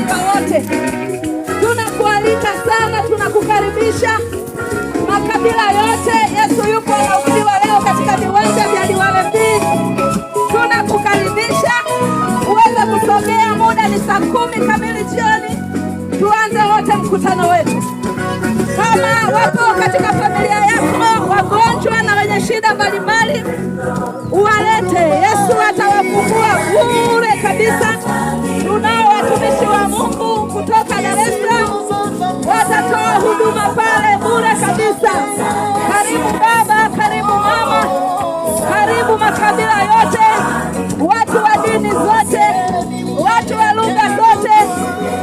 Malaika wote tunakualika sana, tunakukaribisha makabila yote. Yesu yupo wa leo katika viwanja vya Liwale tunakukaribisha uweze kusogea. Muda ni saa kumi kamili jioni, tuanze wote mkutano wetu. Kama wapo katika familia yako makabila yote, watu wa dini zote, watu wa lugha zote,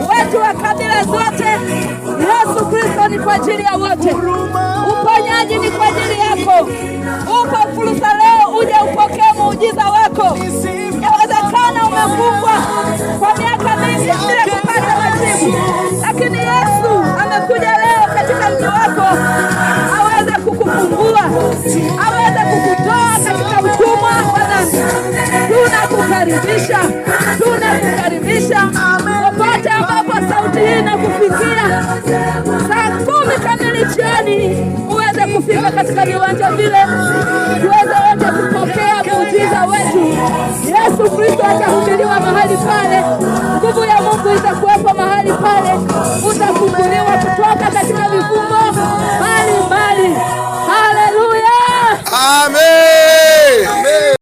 watu wa kabila zote. Yesu Kristo ni kwa ajili ya wote. Uponyaji ni kwa ajili yako. Upo fursa leo, uje upokee muujiza wako. Yawezekana umefungwa kwa miaka mingi bila kupata majibu, lakini Yesu amekuja leo katika mji wako. tunakukaribisha, tunakukaribisha popote ambapo sauti hii inakufikia, saa kumi kamili jioni uweze kufika katika viwanja vile, tuweze wote kupokea muujiza wetu. Yesu Kristo atahubiriwa mahali pale, nguvu ya Mungu itakuwepo mahali pale, utafunguliwa kutoka katika vifungo mbalimbali. Haleluya, amen.